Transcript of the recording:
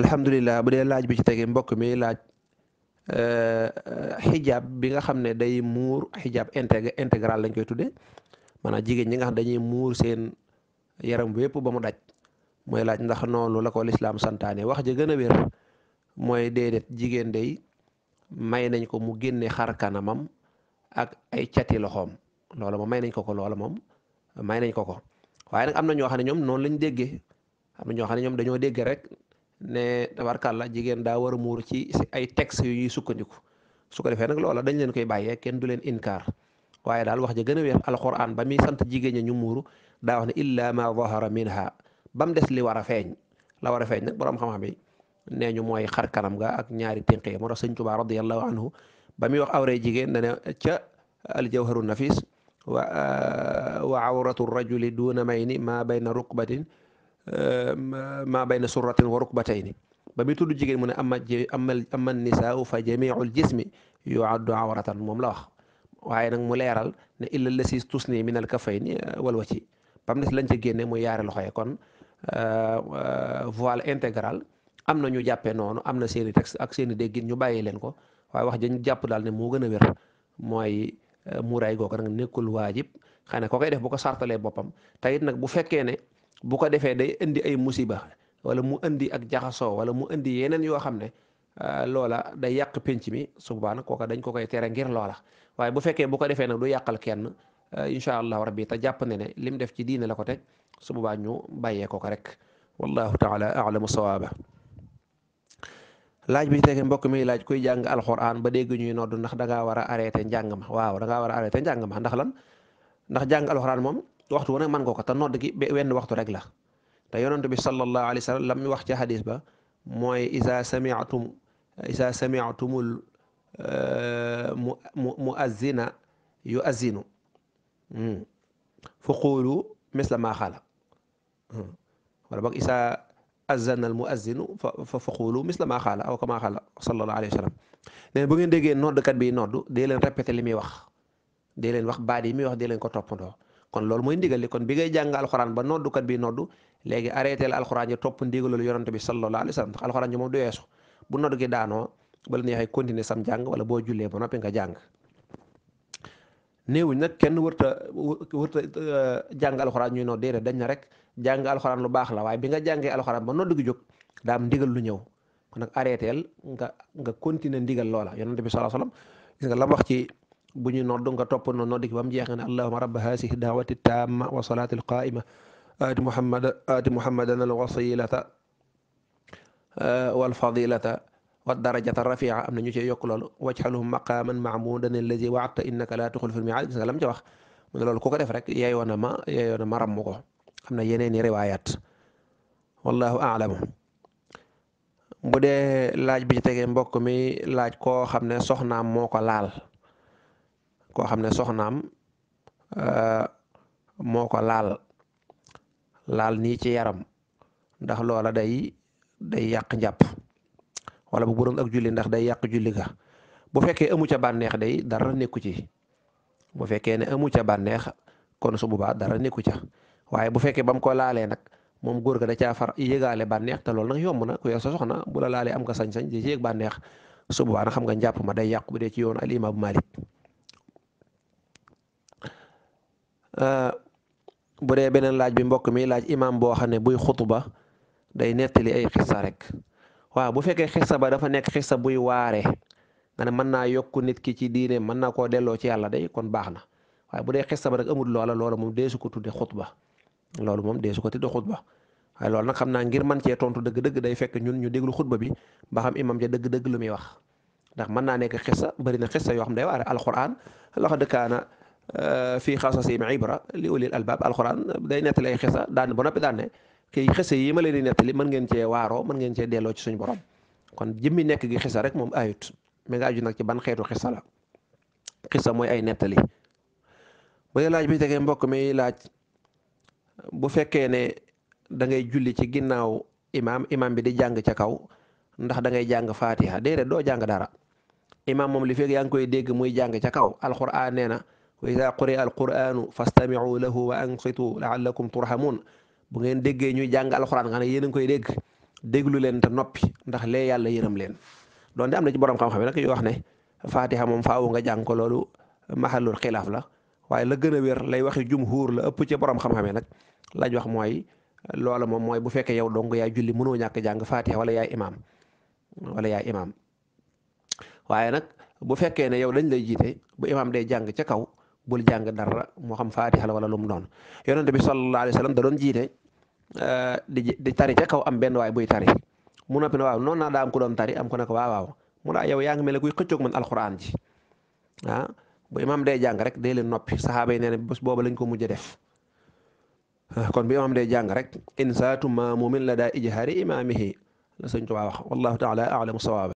alhamdulilah bu dee laaj bi ci tege mbokk mi laaj xijaab euh, bi nga xam ne day muur xijaab intégr intégral lañ koy tuddee maanaam jigéen ñi nga xam dañuy muur seen yaram wépp ba mu daj mooy laaj ndax noonu la ko lislaam santaane wax ja gën a wér mooy déedéet jigéen day may nañ ko mu génne xar ak ay cati loxoom loola moom may nañ ko ko loola moom may nañ ko ko nag am na ñoo xam ne ñoom noonu lañ déggee am na ñoo xam ne ñoom dañoo dégg rek ne tabarkàlla jigéen daa war a muur ci si ay textes yu ñuy sukkandiku su ko defee nag loola dañ leen koy bàyyee kenn du leen inkaar waaye daal wax ja gën a wéer alquran ba muy sant jigéen ña ñu muuru daa wax ne illa ma zahara minha ba mu des li war a feeñ la war a feeñ nag borom xam-xam yi nee ñu mooy xar kanam ga ak ñaari tënk yi moo tax sëñ Tuubaa radiyallahu anhu ba muy wax awray jigéen dane ca al aljawharu nafis wa wa awratu rajuli duuna mayni ma bayna rukbatin maa bayna surratin wa rukbatayni ba ni ba muy tudd jigéen mu ne ama ama ama nisaau fa jamiul jismi yuaddu awratan moom la wax waaye nag mu leeral ne illa lasi tusni min al kafayni wal waci bam des lañ ca génne muy yaari loxo yi kon euh, voile integral am na ñu jàppee noonu am na seen i ak seen i ñu bàyyi leen ko waaye wax jañ jàpp daal ne moo gën a wér mooy euh, muuraay googu nag nekkul waajib xanaa ko koy def bu ko sartalee boppam te it bu ko defee day indi ay musiba wala mu indi ak jaxasoo wala mu indi yeneen yoo xam ne euh, loola day yàq penc mi su boobaa nag kooka dañ ko koy tere ngir loola waaye bu fekkee bu ko defee nag du yàqal kenn euh, incha allahu rabbi te jàpp ne ne lim def ci diine la ko teg su ñu bàyyee ko ko rek wallahu taala mu sawaaba laaj bi tege mbokk mi laaj koy jàng alxuraan ba dégg ñuy noddu ndax da ngaa war a ma waaw da ngaa war a arrêté njàng ma ndax lan ndax jàng moom waxtu wu ne mën nga ko te nodd gi wenn waxtu rek la te yonent bi sallallahu alayhi wa sallam la mu wax ci hadis ba mooy isa samiatum isa samiatumul eh, mu mu muazzina yu azinu hmm. fa quulu misla maa xaala hmm. wala boog isa azana al muazzinu fa fa quulu misla maa xaala aw kama xaala sallallahu alayhi wa sallam leen bu ngeen déggee noddkat bi nodd dee leen répété li muy wax dee leen wax baat yi muy wax dee ko toppandoo kon loolu mooy ndigal kon bi ngay jàng alxuraan ba noddukat bi noddu léegi arrêté la alxuraan ji topp ndigalul yonante bi sallallahu alayhi wa sallam ndax alxuraan ji moom du weesu bu noddu gi daanoo ba la neexee continuer sam wala boo jullee ba noppi nga jàng nag kenn wërta wërta euh, jàng alxuraan ñuy noo déedéet dañ na rek jàng alxuraan lu baax la waaye bi nga jàngee alxuraan ba noddu gi jóg daa ndigal lu ñëw kon nag arrêté nga nga continuer ndigal loola yonante bi sallallahu alayhi wa nga la ci bu ñu noddu nga topp na noddu gi ba mu jeex nga ne allahuma rabba haasihi daawati taama wa salaati alqaima aati muhammad aati muhammadan alwasilata walfadilata wa darajata rafia am na ñu cee yokk loolu wajxalhum maqaaman maamudan allazi waata innaka laa tuxul fil miaad gis nga lam ca wax mu ne loolu ku ko def rek yeyoon ma yeyoon ko am na yeneen i riwaayaat wallahu aalamu bu laaj bi ci mbokk mi laaj ko xam ne soxnaam moo laal koo xam ne soxnaam euh, moo ko laal laal nii ci yaram ndax loola day day yàq njàpp wala bu doon ak julli ndax day yàq julli ga bu fekkee amu ca bànneex day dara nekku ci bu fekkee ne amu banneex bànneex kon su boobaa dara nekku ca waaye bu fekkee ba koo laalee nag moom góor ga da caafar far yëgaale bànneex te loolu nag yomb na ku yor sa soxna bu la laalee am nga sañ-sañ di ci yëg bànneex su boobaa nag xam nga njàpp ma day yàqu bu dee ci yoon al imaam Euh, bu dee beneen laaj bi mbokk mi laaj imam boo xam ne buy xutuba day nettali ay xissa rek waaw bu fekkee xissa ba dafa nekk xissa buy waare nga ne mën naa yokk nit ki ci diine mën naa koo delloo ci yàlla day kon baax na waaye bu dee xissa ba rek amul loola loolu moom deesu ko tudde xutba loolu moom deesu ko tudde xutba waaye loolu nag xam naa ngir man cee tontu dëgg-dëgg day fekk ñun ñu déglu xutba bi ba xam imam ja dëgg-dëgg lu muy wax ndax mën naa nekk xissa bëri na xissa yoo xam day waare Euh, fii xasasihim ibra li ulil albaab alxuraan day nettali ay xisa daan ba noppi daan kii xisa yii ma leen di nettali mën ngeen cee waaroo mën ngeen cee delloo ci suñu borom kon jëmmi nekk gi xisa rek moom ayut mi nga aju ci ban xeetu xisa mooy ay nettali bu dee laaj bi tegee mbokk mi laaj bu fekkee ne dangay julli ci ginnaaw imaam imaam bi di jàng ca kaw ndax dangay ngay jàng faatiha déedéet doo jàng dara imaam moom li fekk yaa ngi koy dégg muy jàng ca kaw alxuraan nee na wa ida quri'a alquranu fastami'u lahu wa anqitu la'allakum turhamun bu ngeen déggee ñuy jàng alxuraan nga ne yéen a koy dégg déglu leen te noppi ndax lee yàlla yërëm leen donte am na ci borom xam-xam yi nag yu wax ne fatiha moom faawu nga jàng ko loolu la waaye la gën a wér lay waxi jumhuur la ëpp ci borom xam yi nag lañ wax mooy loola moom mooy bu fekkee yow dong yaa julli mënoo ñàkk jàng fatiha wala yaa imaam wala yaay imaam waaye nag bu fekkee ne yow dañ lay jiite bu imaam day jàng ca kaw bul jàng dara moo xam faatiha la wala lu mu doon yonent bi sallallahu alayhi wa sallam da doon jiite eh, di di tari ca kaw am benn waay buy tari mu noppi ne waaw noonu naa daa am ku doon tari am ku ne ko waaw waaw mu ne ah, yow yaa ngi mel ne kuy xëccoog man alxuraan ji ah bu day jàng rek day leen noppi saxaaba yi nee boobu lañ ko mujj def ah, kon bu imaam day jàng rek insaatum maamumin la daa ijhaari imaamihi la sëñ Tuubaa wax wallahu taala aalamu sawaaba